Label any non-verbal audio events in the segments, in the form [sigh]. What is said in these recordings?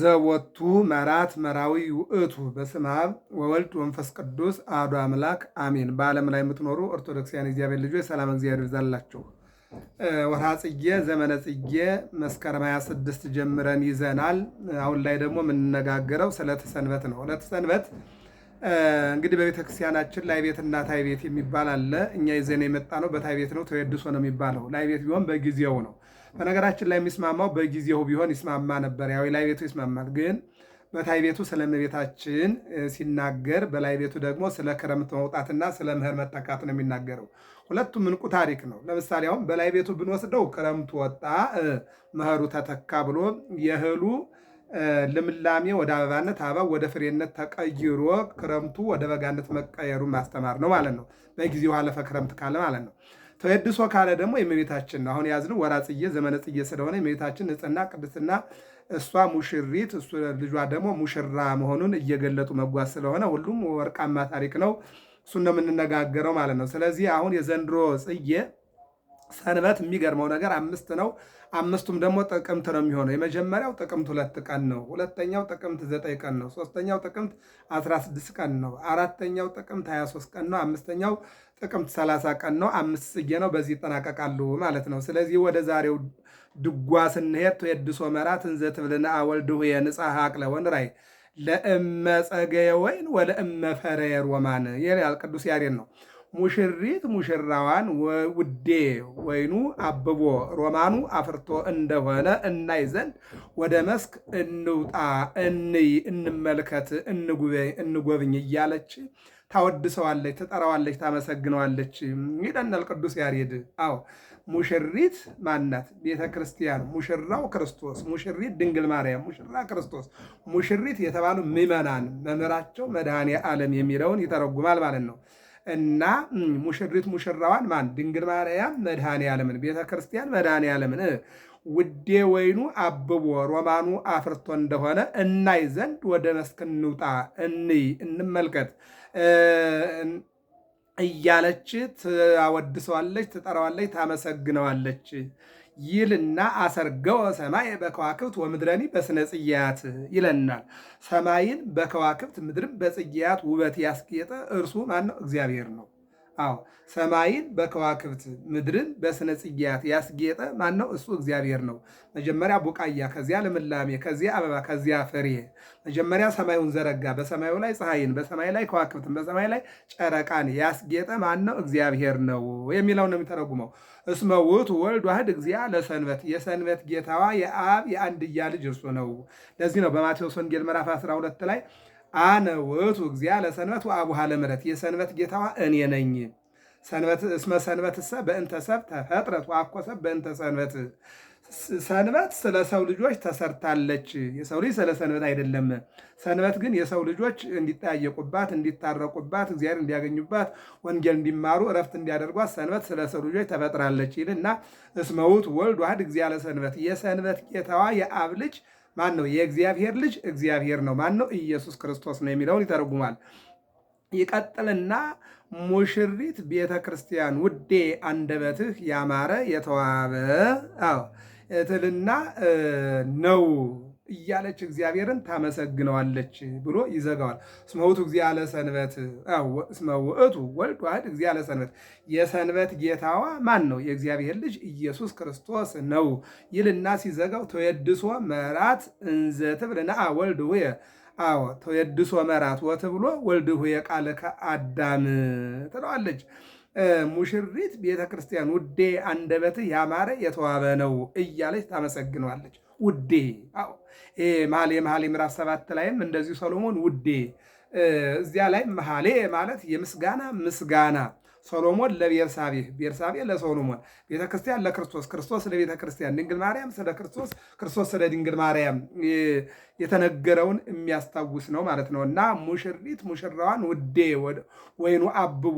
ዘወቱ መራት መራዊ ውእቱ በስመ አብ ወወልድ ወንፈስ ቅዱስ አሐዱ አምላክ አሜን። በዓለም ላይ የምትኖሩ ኦርቶዶክሳውያን እግዚአብሔር ልጆች ሰላም እግዚአብሔር ይብዛላችሁ። ወርሃ ጽጌ ዘመነ ጽጌ መስከረም 26 ጀምረን ይዘናል። አሁን ላይ ደግሞ የምንነጋገረው ስለት ሰንበት ነው። ስለተ ሰንበት እንግዲህ በቤተክርስቲያናችን ላይ ቤትና ታይ ቤት የሚባል አለ። እኛ ይዘን የመጣ ነው በታይ ቤት ነው ተወድሶ ነው የሚባለው። ላይ ቤት ቢሆን በጊዜው ነው በነገራችን ላይ የሚስማማው በጊዜው ቢሆን ይስማማ ነበር። ያው የላይ ቤቱ ይስማማል። ግን በታይ ቤቱ ስለ እመቤታችን ሲናገር፣ በላይ ቤቱ ደግሞ ስለ ክረምት መውጣትና ስለ ምህር መተካት ነው የሚናገረው። ሁለቱም እንቁ ታሪክ ነው። ለምሳሌ አሁን በላይ ቤቱ ብንወስደው ክረምቱ ወጣ፣ መኸሩ ተተካ ብሎ የእህሉ ልምላሜ ወደ አበባነት አበባ ወደ ፍሬነት ተቀይሮ ክረምቱ ወደ በጋነት መቀየሩ ማስተማር ነው ማለት ነው። በጊዜው አለፈ ክረምት ካለ ማለት ነው። ተወድሶ ካለ ደግሞ የእመቤታችን አሁን ያዝነው ወራ ዘመነ ጽዬ ስለሆነ የእመቤታችን ንጽሕና፣ ቅድስና እሷ ሙሽሪት እሱ ልጇ ደግሞ ሙሽራ መሆኑን እየገለጡ መጓዝ ስለሆነ ሁሉም ወርቃማ ታሪክ ነው። እሱን ነው የምንነጋገረው ማለት ነው። ስለዚህ አሁን የዘንድሮ ጽዬ ሰንበት የሚገርመው ነገር አምስት ነው። አምስቱም ደግሞ ጥቅምት ነው የሚሆነው። የመጀመሪያው ጥቅምት ሁለት ቀን ነው። ሁለተኛው ጥቅምት ዘጠኝ ቀን ነው። ሶስተኛው ጥቅምት 16 ቀን ነው። አራተኛው ጥቅምት 23 ቀን ነው። አምስተኛው ጥቅምት 30 ቀን ነው። አምስት ጽጌ ነው። በዚህ ይጠናቀቃሉ ማለት ነው። ስለዚህ ወደ ዛሬው ድጓ ስንሄድ ተየድሶ መራ ትንዘ ትብልና ወልድ ሁየ ንጻሐ አቅለወን ራይ ለእመ ጸገየ ወይን ወለእመ ፈረየ ሮማን ይላል ቅዱስ ያሬድ ነው። ሙሽሪት ሙሽራዋን ውዴ ወይኑ አብቦ ሮማኑ አፍርቶ እንደሆነ እናይ ዘንድ ወደ መስክ እንውጣ፣ እንይ፣ እንመልከት፣ እንጎብኝ እያለች ታወድሰዋለች፣ ትጠራዋለች፣ ታመሰግነዋለች ይለናል ቅዱስ ያሬድ። አዎ ሙሽሪት ማናት? ቤተ ክርስቲያን፣ ሙሽራው ክርስቶስ፣ ሙሽሪት ድንግል ማርያም፣ ሙሽራ ክርስቶስ። ሙሽሪት የተባሉ ምዕመናን መምህራቸው መድኃኔ ዓለም የሚለውን ይተረጉማል ማለት ነው። እና ሙሽሪት ሙሽራዋን ማን? ድንግል ማርያም መድኃኔ ዓለምን፣ ቤተ ክርስቲያን መድኃኔ ዓለምን ውዴ ወይኑ አብቦ ሮማኑ አፍርቶ እንደሆነ እናይ ዘንድ ወደ መስክ እንውጣ፣ እንይ፣ እንመልከት እያለች ታወድሰዋለች፣ ትጠራዋለች፣ ታመሰግነዋለች ይልና አሰርገው ሰማይ በከዋክብት ወምድረኒ በስነ ጽያት ይለናል። ሰማይን በከዋክብት ምድርም በጽያት ውበት ያስጌጠ እርሱ ማነው? እግዚአብሔር ነው። አዎ ሰማይን በከዋክብት ምድርን በስነ ጽጌያት ያስጌጠ ማን ነው? እሱ እግዚአብሔር ነው። መጀመሪያ ቡቃያ፣ ከዚያ ልምላሜ፣ ከዚያ አበባ፣ ከዚያ ፍሬ። መጀመሪያ ሰማዩን ዘረጋ። በሰማዩ ላይ ፀሐይን፣ በሰማይ ላይ ከዋክብትን፣ በሰማይ ላይ ጨረቃን ያስጌጠ ማን ነው? እግዚአብሔር ነው የሚለው ነው የሚተረጉመው። እስመ ውእቱ ወልድ ዋህድ እግዚአ ለሰንበት፣ የሰንበት ጌታዋ የአብ የአንድያ ልጅ እርሱ ነው። ለዚህ ነው በማቴዎስ ወንጌል ምዕራፍ 12 ላይ አነ ውእቱ እግዚአ ለሰንበት ወአቡሃ ለምሕረት የሰንበት ጌታዋ እኔ ነኝ። ሰንበት እስመ ሰንበት ሰ በእንተ ሰብእ ተፈጥረት ወአኮ ሰብእ በእንተ ሰንበት። ሰንበት ስለ ሰው ልጆች ተሰርታለች። የሰው ልጅ ስለ ሰንበት አይደለም። ሰንበት ግን የሰው ልጆች እንዲጠያየቁባት፣ እንዲታረቁባት፣ እግዚአብሔር እንዲያገኙባት፣ ወንጌል እንዲማሩ፣ እረፍት እንዲያደርጓት ሰንበት ስለ ሰው ልጆች ተፈጥራለች ይልና እስመ ውእቱ ወልድ ዋሕድ እግዚአ ለሰንበት የሰንበት ጌታዋ የአብ ልጅ ማን ነው? የእግዚአብሔር ልጅ እግዚአብሔር ነው። ማን ነው? ኢየሱስ ክርስቶስ ነው የሚለውን ይተረጉማል። ይቀጥልና ሙሽሪት ቤተ ክርስቲያን ውዴ አንደበትህ ያማረ የተዋበ ትልና ነው እያለች እግዚአብሔርን ታመሰግነዋለች ብሎ ይዘጋዋል። እስመ ውእቱ እግዚአ ለሰንበት እስመ ውእቱ ወልድ ዋሕድ እግዚአ ለሰንበት የሰንበት ጌታዋ ማን ነው? የእግዚአብሔር ልጅ ኢየሱስ ክርስቶስ ነው ይልና ሲዘጋው ተወድሶ መራት እንዘ ትብል ነአ ወልድ ሁየ አዎ ተወድሶ መራት ወት ብሎ ወልድ ሁየ ቃል ከአዳም ትለዋለች። ሙሽሪት ቤተክርስቲያን ውዴ አንደበትህ ያማረ የተዋበ ነው እያለች ታመሰግነዋለች። ውዴ መኃልየ መኃልይ ምዕራፍ ሰባት ላይም እንደዚሁ ሰሎሞን ውዴ እዚያ ላይ መኃልየ ማለት የምስጋና ምስጋና ሶሎሞን ለቤርሳቤ ቤርሳቤ ለሶሎሞን ቤተ ክርስቲያን ለክርስቶስ ክርስቶስ ለቤተ ክርስቲያን ድንግል ማርያም ስለ ክርስቶስ ክርስቶስ ስለ ድንግል ማርያም የተነገረውን የሚያስታውስ ነው ማለት ነው እና ሙሽሪት ሙሽራዋን ውዴ ወይኑ አብቦ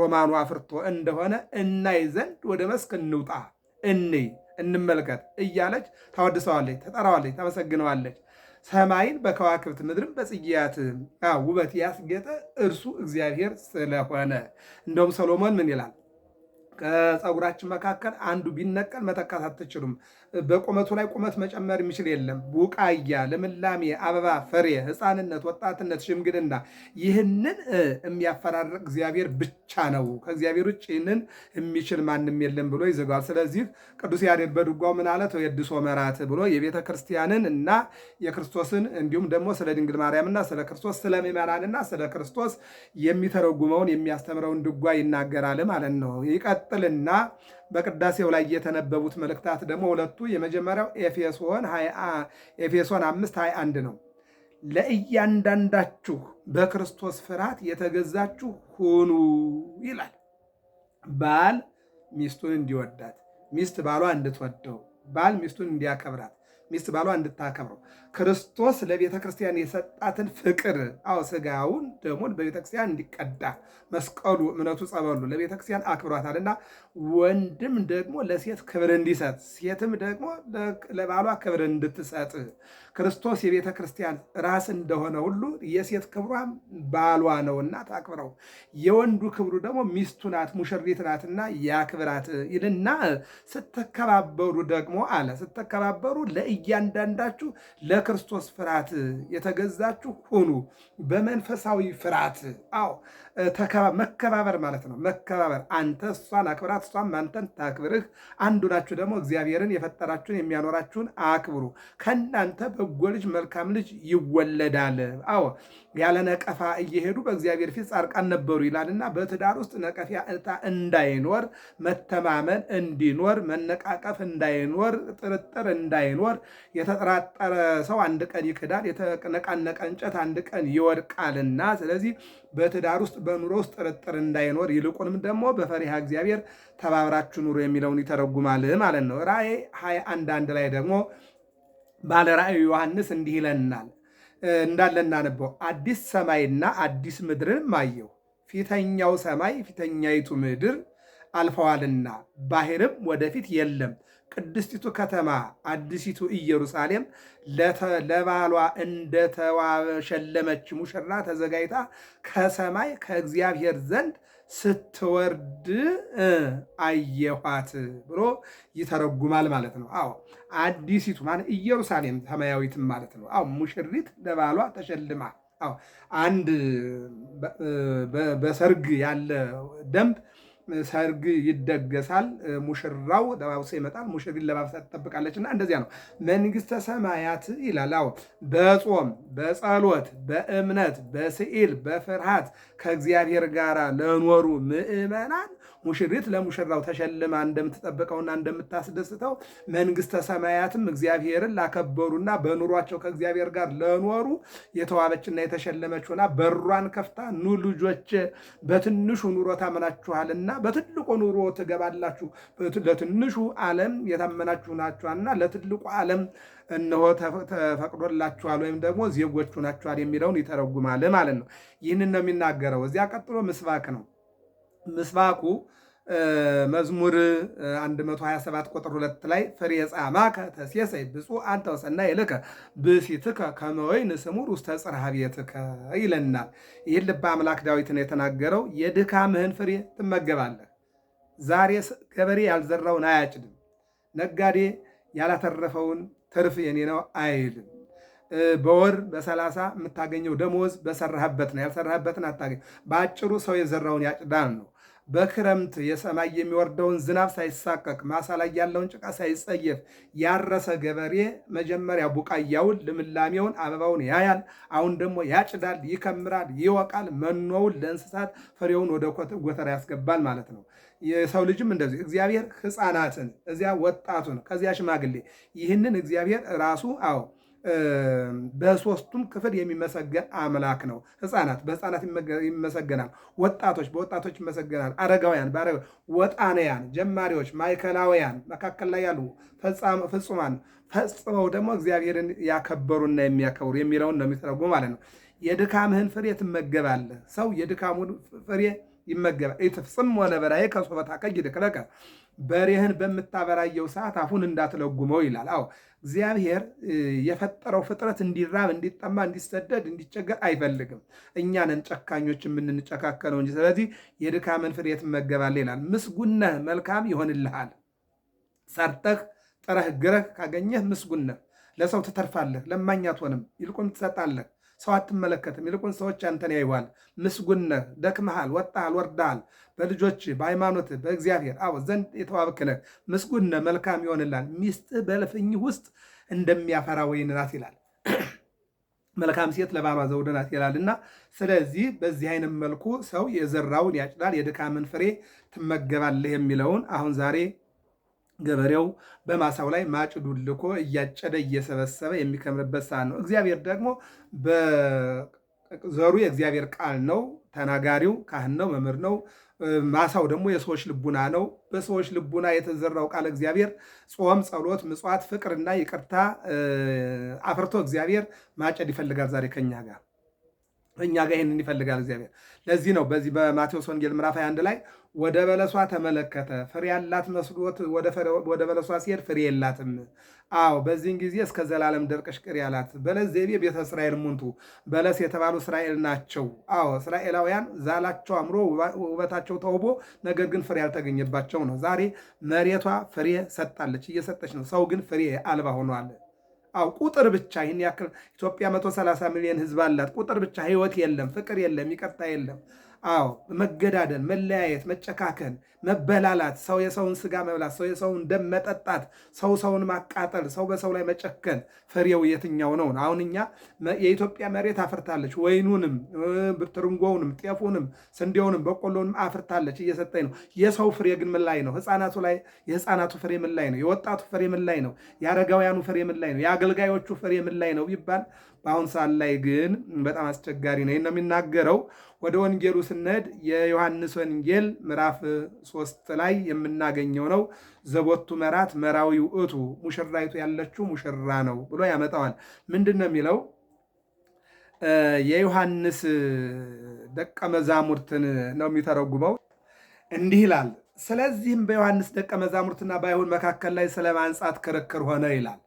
ሮማኑ አፍርቶ እንደሆነ እናይ ዘንድ ወደ መስክ እንውጣ እንይ እንመልከት እያለች ታወድሰዋለች፣ ተጠራዋለች፣ ታመሰግነዋለች። ሰማይን በከዋክብት ምድርም በጽጌያት ውበት ያስጌጠ እርሱ እግዚአብሔር ስለሆነ እንደውም ሰሎሞን ምን ይላል? ከፀጉራችን መካከል አንዱ ቢነቀል መተካት አትችሉም። በቁመቱ ላይ ቁመት መጨመር የሚችል የለም። ቡቃያ፣ ልምላሜ፣ አበባ፣ ፍሬ፣ ህፃንነት፣ ወጣትነት፣ ሽምግልና ይህንን የሚያፈራርቅ እግዚአብሔር ብቻ ነው። ከእግዚአብሔር ውጭ ይህንን የሚችል ማንም የለም ብሎ ይዘጋል። ስለዚህ ቅዱስ ያሬድ በድጓው ምን አለ? ተወድሶ መራት ብሎ የቤተ ክርስቲያንን እና የክርስቶስን እንዲሁም ደግሞ ስለ ድንግል ማርያምና ስለ ክርስቶስ ስለ ምዕመናንና ስለ ክርስቶስ የሚተረጉመውን የሚያስተምረውን ድጓ ይናገራል ማለት ነው። እንቀጥልና በቅዳሴው ላይ የተነበቡት መልእክታት ደግሞ ሁለቱ የመጀመሪያው ኤፌሶን ኤፌሶን አምስት ሃያ አንድ ነው። ለእያንዳንዳችሁ በክርስቶስ ፍርሃት የተገዛችሁ ሁኑ ይላል። ባል ሚስቱን እንዲወዳት፣ ሚስት ባሏ እንድትወደው፣ ባል ሚስቱን እንዲያከብራት ሚስት ባሏ እንድታከብረው ክርስቶስ ለቤተ ክርስቲያን የሰጣትን ፍቅር አው ስጋውን ደሞን በቤተ ክርስቲያን እንዲቀዳ መስቀሉ፣ እምነቱ፣ ጸበሉ ለቤተ ክርስቲያን አክብሯታልና ወንድም ደግሞ ለሴት ክብር እንዲሰጥ ሴትም ደግሞ ለባሏ ክብር እንድትሰጥ ክርስቶስ የቤተ ክርስቲያን ራስ እንደሆነ ሁሉ የሴት ክብሯ ባሏ ነውና ታክብረው። የወንዱ ክብሩ ደግሞ ሚስቱ ናት፣ ሙሽሪት ናትና ያክብራት ይልና ስትከባበሩ ደግሞ አለ ስትከባበሩ ለእ እያንዳንዳችሁ ለክርስቶስ ፍርሃት የተገዛችሁ ሁኑ። በመንፈሳዊ ፍርሃት አዎ መከባበር ማለት ነው። መከባበር አንተ እሷን አክብራት፣ እሷም አንተን ታክብርህ። አንዱ ናችሁ ደግሞ እግዚአብሔርን የፈጠራችሁን የሚያኖራችሁን አክብሩ። ከእናንተ በጎ ልጅ መልካም ልጅ ይወለዳል። አዎ ያለ ነቀፋ እየሄዱ በእግዚአብሔር ፊት ጻድቃን ነበሩ እና በትዳር ውስጥ እጣ እንዳይኖር መተማመን እንዲኖር መነቃቀፍ እንዳይኖር ጥርጥር እንዳይኖር የተጠራጠረ ሰው አንድ ቀን ይክዳል፣ የተነቃነቀ እንጨት አንድ ቀን ይወድቃልና ስለዚህ በትዳር ውስጥ በኑሮ ውስጥ ጥርጥር እንዳይኖር ይልቁንም ደግሞ በፈሪሃ እግዚአብሔር ተባብራችሁ ኑሮ የሚለውን ይተረጉማል ማለት ነው። ራእይ ሀያ አንድ አንድ ላይ ደግሞ ባለ ራእዩ ዮሐንስ እንዲህ ይለናል እንዳለ ነበው አዲስ ሰማይና አዲስ ምድርን አየሁ፣ ፊተኛው ሰማይ ፊተኛይቱ ምድር አልፈዋልና ባህርም ወደፊት የለም። ቅድስቲቱ ከተማ አዲሲቱ ኢየሩሳሌም ለባሏ እንደተዋሸለመች ሙሽራ ተዘጋጅታ ከሰማይ ከእግዚአብሔር ዘንድ ስትወርድ አየኋት ብሎ ይተረጉማል ማለት ነው። አዎ አዲሲቱ ማ ኢየሩሳሌም ሰማያዊትም ማለት ነው። አዎ ሙሽሪት ለባሏ ተሸልማ። አንድ በሰርግ ያለ ደንብ ሰርግ ይደገሳል። ሙሽራው ለባብሶ ይመጣል። ሙሽሪት ለባብሳ ትጠብቃለች። እና እንደዚያ ነው መንግስተ ሰማያት ይላል። አዎ በጾም በጸሎት በእምነት በስዕል በፍርሃት ከእግዚአብሔር ጋር ለኖሩ ምእመናን ሙሽሪት ለሙሽራው ተሸልማ እንደምትጠብቀውና እንደምታስደስተው መንግስተ ሰማያትም እግዚአብሔርን ላከበሩና በኑሯቸው ከእግዚአብሔር ጋር ለኖሩ የተዋበችና የተሸለመች ሆና በሯን ከፍታ ኑ ልጆች በትንሹ ኑሮ ታምናችኋልና በትልቁ ኑሮ ትገባላችሁ። ለትንሹ ዓለም የታመናችሁ ናችኋልና ለትልቁ ዓለም እነሆ ተፈቅዶላችኋል ወይም ደግሞ ዜጎቹ ናችኋል የሚለውን ይተረጉማል ማለት ነው። ይህንን ነው የሚናገረው። እዚያ ቀጥሎ ምስባክ ነው። ምስባኩ መዝሙር 127 ቁጥር 2 ላይ ፍሬ ጻማከ ተሴሰይ ብፁዕ አንተ ወሰናይ ይልከ ብእሲትከ ከመ ወይን ስሙር ውስተ ጽርሐ ቤትከ ይለናል። ይህን ልበ አምላክ ዳዊት ነው የተናገረው የድካምህን ፍሬ ትመገባለህ። ዛሬ ገበሬ ያልዘራውን አያጭድም፣ ነጋዴ ያላተረፈውን ትርፍ የኔ ነው አይልም። በወር በሰላሳ የምታገኘው ደሞዝ በሰራህበት ነው፣ ያልሰራህበትን አታገኝ። በአጭሩ ሰው የዘራውን ያጭዳል ነው በክረምት የሰማይ የሚወርደውን ዝናብ ሳይሳቀቅ ማሳ ላይ ያለውን ጭቃ ሳይጸየፍ ያረሰ ገበሬ መጀመሪያ ቡቃያውን፣ ልምላሜውን፣ አበባውን ያያል። አሁን ደግሞ ያጭዳል፣ ይከምራል፣ ይወቃል፣ መኖውን ለእንስሳት፣ ፍሬውን ወደ ጎተራ ያስገባል ማለት ነው። የሰው ልጅም እንደዚህ እግዚአብሔር ሕፃናትን እዚያ ወጣቱን ከዚያ ሽማግሌ ይህንን እግዚአብሔር ራሱ አዎ በሶስቱም ክፍል የሚመሰገን አምላክ ነው። ህፃናት በህፃናት ይመሰገናል። ወጣቶች በወጣቶች ይመሰገናል። አረጋውያን በአረጋ ወጣንያን፣ ጀማሪዎች፣ ማዕከላውያን፣ መካከል ላይ ያሉ ፍጹማን፣ ፈጽመው ደግሞ እግዚአብሔርን ያከበሩና የሚያከብሩ የሚለውን ነው የሚተረጉሙ ማለት ነው። የድካምህን ፍሬ ትመገባለህ። ሰው የድካሙን ፍሬ ይመገባል። ኢትፍጽም ወለበራዬ ከሶበታከ ይድክለከ በሬህን በምታበራየው ሰዓት አፉን እንዳትለጉመው ይላል። አዎ እግዚአብሔር የፈጠረው ፍጥረት እንዲራብ፣ እንዲጠማ፣ እንዲሰደድ፣ እንዲቸገር አይፈልግም። እኛ ነን ጨካኞች የምንጨካከለው እንጂ። ስለዚህ የድካምን ፍሬ ትመገባለህ ይላል። ምስጉን መልካም ይሆንልሃል። ሰርተህ ጥረህ ግረህ ካገኘህ ምስጉን ለሰው ትተርፋለህ፣ ለማኛት ሆንም ይልቁን ትሰጣለህ። ሰው አትመለከትም። ይልቁን ሰዎች አንተን ያይዋል። ምስጉን ነህ፣ ደክመሃል፣ ወጣሃል፣ ወርዳሃል። በልጆች በሃይማኖት በእግዚአብሔር አዎ ዘንድ የተዋብክነህ ምስጉን ነህ። መልካም ይሆንላል። ሚስትህ በእልፍኝ ውስጥ እንደሚያፈራ ወይን ናት ይላል። [clears throat] መልካም ሴት ለባሏ ዘውድ ናት ይላልና፣ ስለዚህ በዚህ አይነት መልኩ ሰው የዘራውን ያጭዳል፣ የድካምን ፍሬ ትመገባለህ የሚለውን አሁን ዛሬ ገበሬው በማሳው ላይ ማጭዱን ልኮ እያጨደ እየሰበሰበ የሚከምርበት ሰዓት ነው። እግዚአብሔር ደግሞ በዘሩ የእግዚአብሔር ቃል ነው። ተናጋሪው ካህን ነው፣ መምህር ነው። ማሳው ደግሞ የሰዎች ልቡና ነው። በሰዎች ልቡና የተዘራው ቃል እግዚአብሔር ጾም፣ ጸሎት፣ ምጽዋት፣ ፍቅርና ይቅርታ አፍርቶ እግዚአብሔር ማጨድ ይፈልጋል ዛሬ ከኛ ጋር እኛ ጋር ይህንን ይፈልጋል እግዚአብሔር። ለዚህ ነው በዚህ በማቴዎስ ወንጌል ምዕራፍ 21 ላይ ወደ በለሷ ተመለከተ፣ ፍሬ ያላት መስሎት ወደ በለሷ ሲሄድ ፍሬ የላትም። አዎ በዚህን ጊዜ እስከ ዘላለም ደርቀሽ ቅሪ ያላት። በለስ ዘይቤ ቤተ እስራኤል ሙንቱ በለስ የተባሉ እስራኤል ናቸው። አዎ እስራኤላውያን ዛላቸው አምሮ ውበታቸው ተውቦ፣ ነገር ግን ፍሬ ያልተገኘባቸው ነው። ዛሬ መሬቷ ፍሬ ሰጣለች፣ እየሰጠች ነው። ሰው ግን ፍሬ አልባ ሆኗል። አው ቁጥር ብቻ ይህን ያክል ኢትዮጵያ 130 ሚሊዮን ህዝብ አላት። ቁጥር ብቻ ህይወት የለም፣ ፍቅር የለም፣ ይቅርታ የለም። አዎ መገዳደል፣ መለያየት፣ መጨካከል፣ መበላላት፣ ሰው የሰውን ስጋ መብላት፣ ሰው የሰውን ደም መጠጣት፣ ሰው ሰውን ማቃጠል፣ ሰው በሰው ላይ መጨከን ፍሬው የትኛው ነው? አሁን እኛ የኢትዮጵያ መሬት አፍርታለች። ወይኑንም፣ ትርንጎውንም፣ ጤፉንም፣ ስንዴውንም፣ በቆሎንም አፍርታለች እየሰጠኝ ነው። የሰው ፍሬ ግን ምን ላይ ነው? ህፃናቱ ላይ የህፃናቱ ፍሬ ምን ላይ ነው? የወጣቱ ፍሬ ምን ላይ ነው? የአረጋውያኑ ፍሬ ምን ላይ ነው? የአገልጋዮቹ ፍሬ ምን ላይ ነው ቢባል በአሁን ሰዓት ላይ ግን በጣም አስቸጋሪ ነው። ነው የሚናገረው። ወደ ወንጌሉ ስንሄድ የዮሐንስ ወንጌል ምዕራፍ ሶስት ላይ የምናገኘው ነው። ዘቦቱ መራት መራዊው እቱ ሙሽራይቱ ያለችው ሙሽራ ነው ብሎ ያመጣዋል። ምንድን ነው የሚለው? የዮሐንስ ደቀ መዛሙርትን ነው የሚተረጉመው። እንዲህ ይላል። ስለዚህም በዮሐንስ ደቀ መዛሙርትና በአይሁድ መካከል ላይ ስለ ማንጻት ክርክር ሆነ ይላል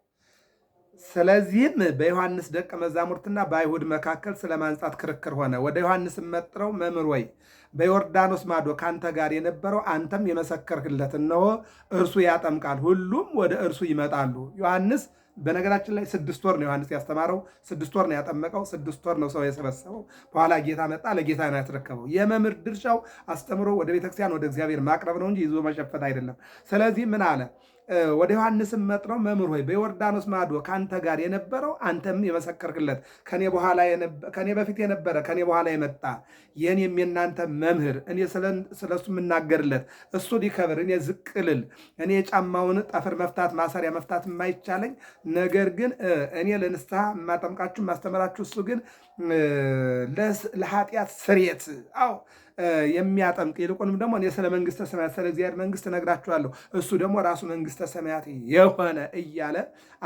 ስለዚህም በዮሐንስ ደቀ መዛሙርትና በአይሁድ መካከል ስለ ማንጻት ክርክር ሆነ። ወደ ዮሐንስም መጥረው መምህር ወይ በዮርዳኖስ ማዶ ካንተ ጋር የነበረው አንተም የመሰከርህለት እነሆ እርሱ ያጠምቃል፣ ሁሉም ወደ እርሱ ይመጣሉ። ዮሐንስ በነገራችን ላይ ስድስት ወር ነው ዮሐንስ ያስተማረው፣ ስድስት ወር ነው ያጠመቀው፣ ስድስት ወር ነው ሰው የሰበሰበው። በኋላ ጌታ መጣ፣ ለጌታ ነው ያስረከበው። የመምህር ድርሻው አስተምሮ ወደ ቤተክርስቲያን ወደ እግዚአብሔር ማቅረብ ነው እንጂ ይዞ መሸፈት አይደለም። ስለዚህ ምን አለ? ወደ ዮሐንስም መጥነው መምህር ሆይ በዮርዳኖስ ማዶ ከአንተ ጋር የነበረው አንተም የመሰከርክለት ከኔ በፊት የነበረ ከኔ በኋላ የመጣ የእኔም የእናንተ መምህር እኔ ስለሱ የምናገርለት እሱ ሊከብር እኔ ዝቅልል እኔ የጫማውን ጠፍር መፍታት ማሰሪያ መፍታት የማይቻለኝ ነገር ግን እኔ ለንስሐ የማጠምቃችሁ የማስተምራችሁ እሱ ግን ለኃጢአት ስርየት አዎ የሚያጠምቅ ይልቁንም ደግሞ እኔ ስለ መንግስተ ሰማያት ስለ እግዚአብሔር መንግስት እነግራችኋለሁ እሱ ደግሞ ራሱ መንግስተ ሰማያት የሆነ እያለ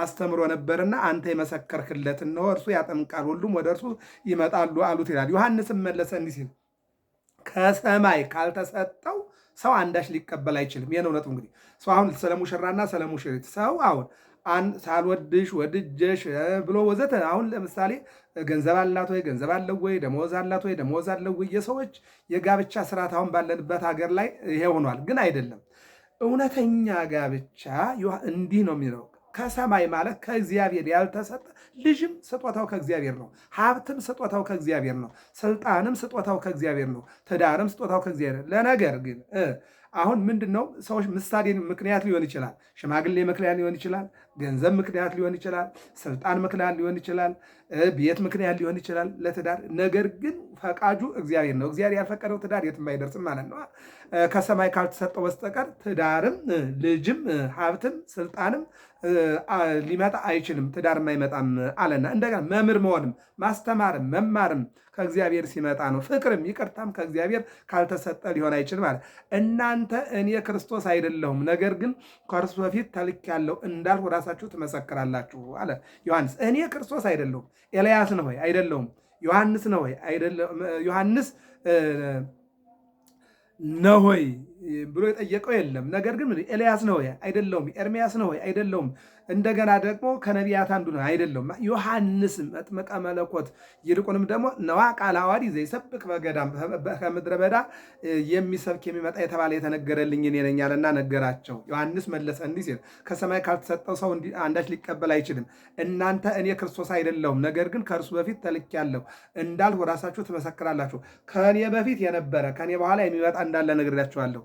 አስተምሮ ነበርና አንተ የመሰከርክለት እነሆ እርሱ ያጠምቃል፣ ሁሉም ወደ እርሱ ይመጣሉ አሉት ይላል። ዮሐንስም መለሰ እንዲህ ሲል ከሰማይ ካልተሰጠው ሰው አንዳች ሊቀበል አይችልም። ይህን እውነቱ እንግዲህ ሰው አሁን ስለ ሙሽራና ስለ ሙሽሪት ሰው አሁን ሳልወድሽ ወድጀሽ ብሎ ወዘተ። አሁን ለምሳሌ ገንዘብ አላት ወይ ገንዘብ አለው ወይ ደሞዝ አላት ወይ ደሞዝ አለው ወይ? የሰዎች የጋብቻ ስርዓት አሁን ባለንበት ሀገር ላይ ይሄ ሆኗል። ግን አይደለም እውነተኛ ጋብቻ እንዲህ ነው የሚለው ከሰማይ ማለት ከእግዚአብሔር ያልተሰጠ ልጅም ስጦታው ከእግዚአብሔር ነው። ሀብትም ስጦታው ከእግዚአብሔር ነው። ስልጣንም ስጦታው ከእግዚአብሔር ነው። ትዳርም ስጦታው ከእግዚአብሔር። ለነገር ግን አሁን ምንድን ነው ሰዎች ምሳሌ ምክንያት ሊሆን ይችላል፣ ሽማግሌ ምክንያት ሊሆን ይችላል ገንዘብ ምክንያት ሊሆን ይችላል። ስልጣን ምክንያት ሊሆን ይችላል። ቤት ምክንያት ሊሆን ይችላል ለትዳር። ነገር ግን ፈቃጁ እግዚአብሔር ነው። እግዚአብሔር ያልፈቀደው ትዳር የትም አይደርስም ማለት ነው። ከሰማይ ካልተሰጠው በስተቀር ትዳርም፣ ልጅም፣ ሀብትም፣ ስልጣንም ሊመጣ አይችልም። ትዳርም አይመጣም አለና እንደገና መምህር መሆንም ማስተማርም መማርም ከእግዚአብሔር ሲመጣ ነው። ፍቅርም ይቅርታም ከእግዚአብሔር ካልተሰጠ ሊሆን አይችልም ማለት እናንተ እኔ ክርስቶስ አይደለሁም ነገር ግን ከእርሱ በፊት ተልኬያለሁ እንዳልሁ ራሳችሁ ትመሰክራላችሁ አለ ዮሐንስ። እኔ ክርስቶስ አይደለሁም። ኤልያስ ነው ወይ? አይደለሁም። ዮሐንስ ነው ወይ? አይደለሁም። ዮሐንስ ነው ወይ ብሎ የጠየቀው የለም። ነገር ግን ኤልያስ ነው ወይ? አይደለሁም። ኤርሚያስ ነው ወይ? አይደለሁም እንደገና ደግሞ ከነቢያት አንዱ ነው አይደለም ዮሐንስ መጥምቀ መለኮት ይልቁንም ደግሞ ነዋ ቃል አዋዲ ዘይሰብክ በገዳም ከምድረ በዳ የሚሰብክ የሚመጣ የተባለ የተነገረልኝ እኔ ነኝ አለና ነገራቸው። ዮሐንስ መለሰ እንዲህ ሲል ከሰማይ ካልተሰጠው ሰው አንዳች ሊቀበል አይችልም። እናንተ እኔ ክርስቶስ አይደለሁም፣ ነገር ግን ከእርሱ በፊት ተልኬአለሁ እንዳልሁ ራሳችሁ ትመሰክራላችሁ። ከእኔ በፊት የነበረ ከእኔ በኋላ የሚመጣ እንዳለ ነግሬያችኋለሁ።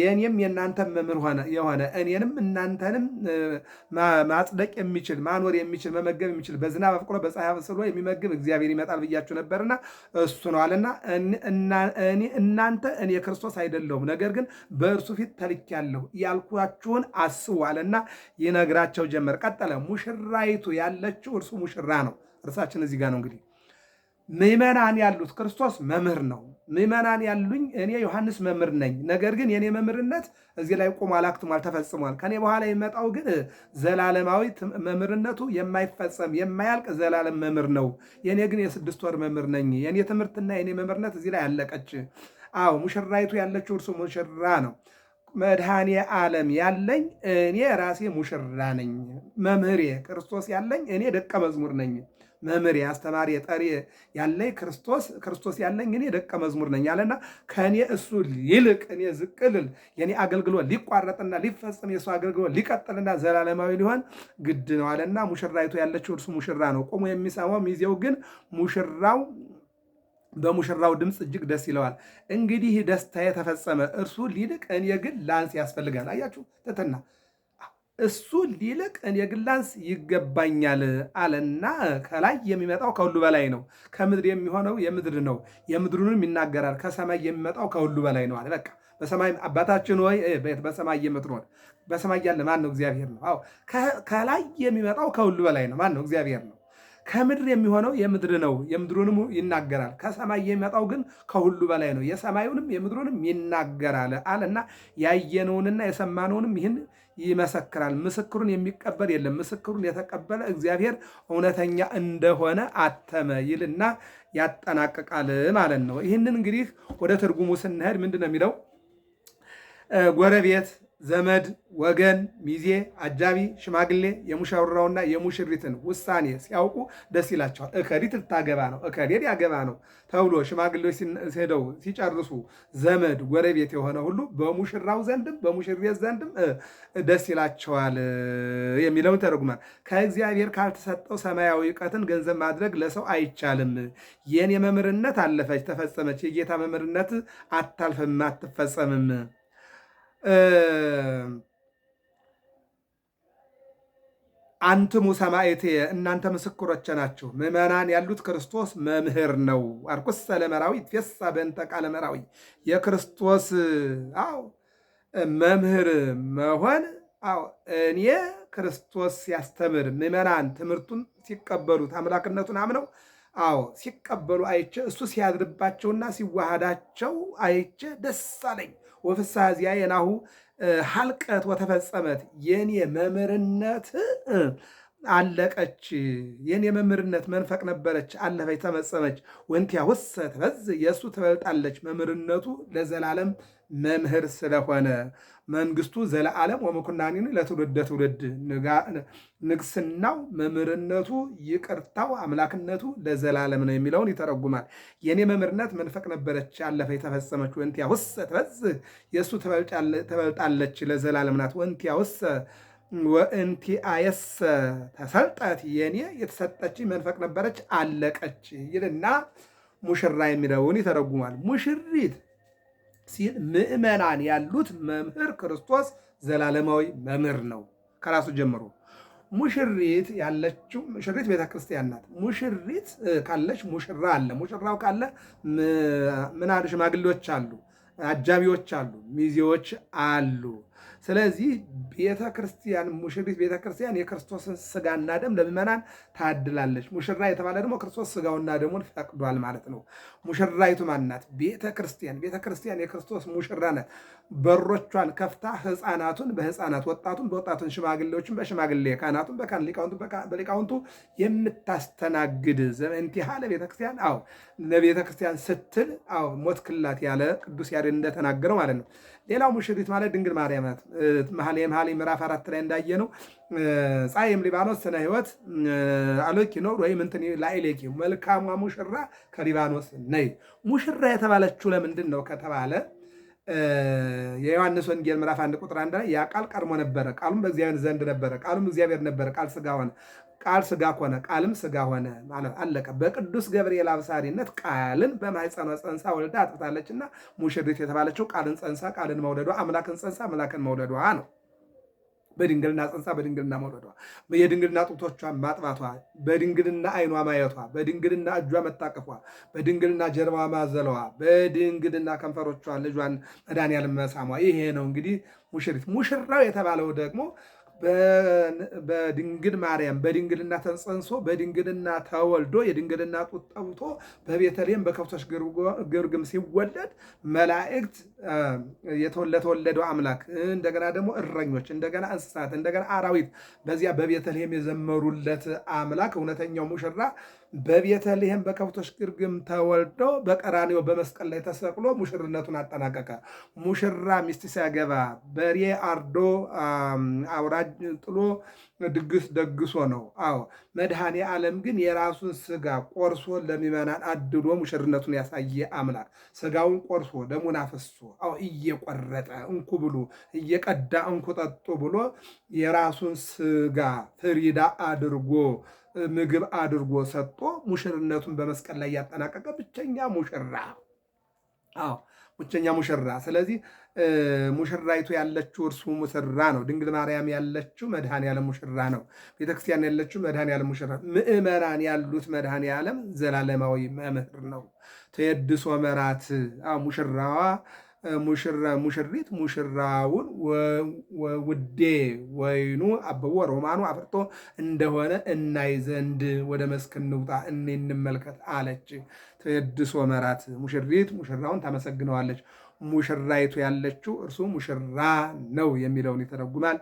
የእኔም የእናንተ መምህር የሆነ እኔንም እናንተንም ማጽደቅ የሚችል ማኖር የሚችል መመገብ የሚችል በዝናብ አፍቅሮ በፀሐይ አብስሎ የሚመግብ እግዚአብሔር ይመጣል ብያችሁ ነበርና እሱ ነው አለና እናንተ እኔ ክርስቶስ አይደለሁም፣ ነገር ግን በእርሱ ፊት ተልኬያለሁ ያልኳችሁን አስቡ አለና ይነግራቸው ጀመር። ቀጠለ። ሙሽራይቱ ያለችው እርሱ ሙሽራ ነው። እርሳችን እዚህ ጋር ነው እንግዲህ ምእመናን ያሉት ክርስቶስ መምህር ነው። ምመናን ያሉኝ እኔ ዮሐንስ መምህር ነኝ። ነገር ግን የእኔ መምህርነት እዚህ ላይ ቆሟል፣ አክትሟል፣ ተፈጽሟል። ከእኔ በኋላ የመጣው ግን ዘላለማዊ መምህርነቱ የማይፈጸም የማያልቅ ዘላለም መምህር ነው። የእኔ ግን የስድስት ወር መምህር ነኝ። የእኔ ትምህርትና የእኔ መምህርነት እዚህ ላይ አለቀች። አዎ ሙሽራይቱ ያለችው እርሱ ሙሽራ ነው። መድኃኔ ዓለም ያለኝ እኔ ራሴ ሙሽራ ነኝ። መምህሬ ክርስቶስ ያለኝ እኔ ደቀ መዝሙር ነኝ። መምህር አስተማሪ ጠሪ ያለኝ ክርስቶስ ክርስቶስ ያለኝ እኔ ደቀ መዝሙር ነኝ አለና ከእኔ እሱ ይልቅ እኔ ዝቅልል የኔ አገልግሎት ሊቋረጥና ሊፈጽም የእሱ አገልግሎት ሊቀጥልና ዘላለማዊ ሊሆን ግድ ነው አለና ሙሽራይቱ ያለችው እርሱ ሙሽራ ነው ቆሞ የሚሰማው ሚዜው ግን ሙሽራው በሙሽራው ድምፅ እጅግ ደስ ይለዋል። እንግዲህ ደስታዬ ተፈጸመ፣ እርሱ ሊልቅ እኔ ግን ላንስ ያስፈልጋል። አያችሁ ትትና እሱ ሊልቅ ግላንስ ይገባኛል አለና ከላይ የሚመጣው ከሁሉ በላይ ነው፣ ከምድር የሚሆነው የምድር ነው፣ የምድሩንም ይናገራል። ከሰማይ የሚመጣው ከሁሉ በላይ ነው አለ። በቃ በሰማይ አባታችን ወይ በሰማይ የምትኖር በሰማይ ያለ ማን ነው? እግዚአብሔር ነው። አዎ ከላይ የሚመጣው ከሁሉ በላይ ነው። ማን ነው? እግዚአብሔር ነው። ከምድር የሚሆነው የምድር ነው፣ የምድሩንም ይናገራል። ከሰማይ የሚመጣው ግን ከሁሉ በላይ ነው፣ የሰማዩንም የምድሩንም ይናገራል አለና ያየነውንና የሰማነውንም ይህን ይመሰክራል። ምስክሩን የሚቀበል የለም፣ ምስክሩን የተቀበለ እግዚአብሔር እውነተኛ እንደሆነ አተመ ይልና ያጠናቅቃል ማለት ነው። ይህንን እንግዲህ ወደ ትርጉሙ ስንሄድ ምንድን ነው የሚለው? ጎረቤት ዘመድ ወገን፣ ሚዜ፣ አጃቢ፣ ሽማግሌ የሙሽራውና የሙሽሪትን ውሳኔ ሲያውቁ ደስ ይላቸዋል። እከዲት ልታገባ ነው፣ እከዴድ ያገባ ነው ተብሎ ሽማግሌዎች ሄደው ሲጨርሱ ዘመድ ጎረቤት የሆነ ሁሉ በሙሽራው ዘንድም በሙሽሬት ዘንድም ደስ ይላቸዋል የሚለውን ተረጉማል። ከእግዚአብሔር ካልተሰጠው ሰማያዊ እውቀትን ገንዘብ ማድረግ ለሰው አይቻልም። የኔ መምህርነት አለፈች ተፈጸመች፣ የጌታ መምህርነት አታልፍም አትፈጸምም። አንትሙ ሰማዕቴ እናንተ ምስክሮቼ ናችሁ፣ ምዕመናን ያሉት ክርስቶስ መምህር ነው። አርኩሰ ለመራዊ ይትፌሳ በእንተ ቃለ መራዊ የክርስቶስ አዎ መምህር መሆን አዎ እኔ ክርስቶስ ሲያስተምር ምዕመናን ትምህርቱን ሲቀበሉት አምላክነቱን አምነው አዎ ሲቀበሉ አይቼ እሱ ሲያድርባቸውና ሲዋሃዳቸው አይቼ ደስ አለኝ። ወፍስሐ ዚያ የናሁ ሀልቀት ወተፈጸመት የኔ መምህርነት አለቀች። የኔ መምህርነት መንፈቅ ነበረች፣ አለፈች፣ ተፈጸመች ወንቲያ ውሰ ትበዝ የእሱ ትበልጣለች። መምህርነቱ ለዘላለም መምህር ስለሆነ መንግስቱ ዘለዓለም ወምኩናኒኑ ለትውልደ ትውልድ ንግስናው መምህርነቱ ይቅርታው አምላክነቱ ለዘላለም ነው የሚለውን ይተረጉማል። የእኔ መምህርነት መንፈቅ ነበረች ያለፈ የተፈጸመች ወንቲያ ውሰ ትበዝህ የእሱ ተበልጣለች ለዘላለም ናት። ወንቲያ ውሰ ወእንቲአየሰ ተሰልጠት የእኔ የተሰጠች መንፈቅ ነበረች አለቀች ይልና ሙሽራ የሚለውን ይተረጉማል። ሙሽሪት ሲል ምእመናን ያሉት መምህር ክርስቶስ ዘላለማዊ መምህር ነው ከራሱ ጀምሮ። ሙሽሪት ያለችው ሙሽሪት ቤተክርስቲያን ናት። ሙሽሪት ካለች ሙሽራ አለ። ሙሽራው ካለ ምን ሽማግሌዎች አሉ፣ አጃቢዎች አሉ፣ ሚዜዎች አሉ። ስለዚህ ቤተ ክርስቲያን ሙሽሪት ቤተ ክርስቲያን የክርስቶስን ስጋና ደም ለምእመናን ታድላለች። ሙሽራ የተባለ ደግሞ ክርስቶስ ስጋውና ደሙን ፈቅዷል ማለት ነው። ሙሽራይቱ ማናት? ቤተ ክርስቲያን። ቤተ ክርስቲያን የክርስቶስ ሙሽራ ናት። በሮቿን ከፍታ ህፃናቱን በህፃናት ወጣቱን በወጣቱን ሽማግሌዎችን በሽማግሌ ካህናቱን በካህን ሊቃውንቱን በሊቃውንቱ የምታስተናግድ ዘመንቲሃ ለቤተ ክርስቲያን አዎ ለቤተ ክርስቲያን ስትል አዎ ሞት ክላት ያለ ቅዱስ ያሬድ እንደተናገረው ማለት ነው። ሌላው ሙሽሪት ማለት ድንግል ማርያም ናት። መኃልየ መኃልይ ምዕራፍ አራት ላይ እንዳየነው ጻየም ሊባኖስ ስነ ህይወት አሎኪ ኖር ወይም እንትን ላይሌኪ መልካሟ ሙሽራ ከሊባኖስ ነይ። ሙሽራ የተባለችው ለምንድን ነው ከተባለ የዮሐንስ ወንጌል ምዕራፍ አንድ ቁጥር አንድ ላይ ያ ቃል ቀድሞ ነበረ፣ ቃሉም በእግዚአብሔር ዘንድ ነበረ፣ ቃሉም እግዚአብሔር ነበረ፣ ቃል ስጋ ሆነ፣ ቃል ስጋ ሆነ፣ ቃልም ስጋ ሆነ። ማለት አለቀ። በቅዱስ ገብርኤል አብሳሪነት ቃልን በማኅፀኗ ፀንሳ ወልዳ አጥብታለችና ሙሽሪት የተባለችው ቃልን ፀንሳ ቃልን መውለዷ አምላክን ፀንሳ አምላክን መውለዷ ነው። በድንግልና ጽንሳ በድንግልና መውረዷ የድንግልና ጡቶቿን ማጥባቷ፣ በድንግልና አይኗ ማየቷ፣ በድንግልና እጇ መታቀፏ፣ በድንግልና ጀርባ ማዘለዋ፣ በድንግልና ከንፈሮቿ ልጇን መድኃኒዓለም መሳሟ ይሄ ነው እንግዲህ ሙሽሪት። ሙሽራው የተባለው ደግሞ በድንግል ማርያም በድንግልና ተጸንሶ በድንግልና ተወልዶ የድንግልና ጡት ጠብቶ በቤተልሔም በከብቶች ግርግም ሲወለድ መላእክት ለተወለደው አምላክ እንደገና ደግሞ እረኞች፣ እንደገና እንስሳት፣ እንደገና አራዊት በዚያ በቤተልሔም የዘመሩለት አምላክ እውነተኛው ሙሽራ በቤተልሔም በከብቶች ግርግም ተወልዶ በቀራኔው በመስቀል ላይ ተሰቅሎ ሙሽርነቱን አጠናቀቀ። ሙሽራ ሚስት ሲያገባ በሬ አርዶ አውራጅ ጥሎ ድግስ ደግሶ ነው። አዎ መድኃኔ ዓለም ግን የራሱን ስጋ ቆርሶ ለሚመናን አድሎ ሙሽርነቱን ያሳየ አምላክ ስጋውን ቆርሶ ደሙን አፍሶ አዎ እየቆረጠ እንኩ ብሉ እየቀዳ እንኩ ጠጡ ብሎ የራሱን ስጋ ፍሪዳ አድርጎ ምግብ አድርጎ ሰጥቶ ሙሽርነቱን በመስቀል ላይ ያጠናቀቀ ብቸኛ ሙሽራ። አዎ ብቸኛ ሙሽራ። ስለዚህ ሙሽራይቱ ያለችው እርሱ ሙሽራ ነው። ድንግል ማርያም ያለችው መድኃኔዓለም ሙሽራ ነው። ቤተክርስቲያን ያለችው መድኃኔዓለም ሙሽራ፣ ምዕመናን ያሉት መድኃኔዓለም ዘላለማዊ መምህር ነው። ተየድሶ መራት ሙሽራዋ ሙሽሪት ሙሽራውን ውዴ ወይኑ አበቦ ሮማኑ አፍርቶ እንደሆነ እናይ ዘንድ ወደ መስክ እንውጣ እኔ እንመልከት አለች። ተድሶ መራት ሙሽሪት ሙሽራውን ታመሰግነዋለች። ሙሽራይቱ ያለችው እርሱ ሙሽራ ነው የሚለውን ይተረጉማል።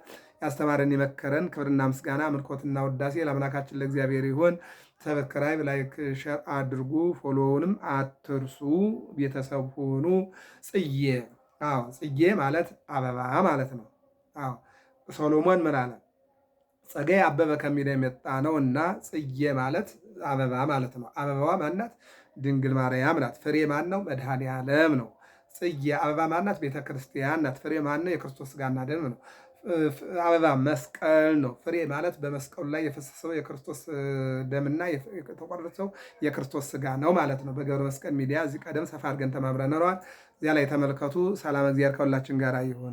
ያስተማረን የመከረን ክብርና ምስጋና ምልኮትና ውዳሴ ለአምላካችን ለእግዚአብሔር ይሆን። ሰብስክራይብ፣ ላይክ፣ ሸር አድርጉ። ፎሎውንም አትርሱ። ቤተሰብ ሆኑ። ጽዬ አዎ፣ ጽዬ ማለት አበባ ማለት ነው። አዎ ሶሎሞን ምን አለ? ጸጋዬ አበበ ከሚል የመጣ ነው እና ጽዬ ማለት አበባ ማለት ነው። አበባዋ ማናት? ድንግል ማርያም ናት። ፍሬ ማን ነው? መድኃኔ ዓለም ነው። ጽዬ አበባ ማናት? ቤተ ክርስቲያን ናት። ፍሬ ማን ነው? የክርስቶስ ሥጋና ደም ነው። አበባ መስቀል ነው። ፍሬ ማለት በመስቀሉ ላይ የፈሰሰው የክርስቶስ ደምና የተቆረሰው የክርስቶስ ስጋ ነው ማለት ነው። በገብረ መስቀል ሚዲያ እዚህ ቀደም ሰፋ አድርገን ተማምረን እዚያ ላይ ተመልከቱ። ሰላም እግዚአብሔር ከሁላችን ጋር ይሁን።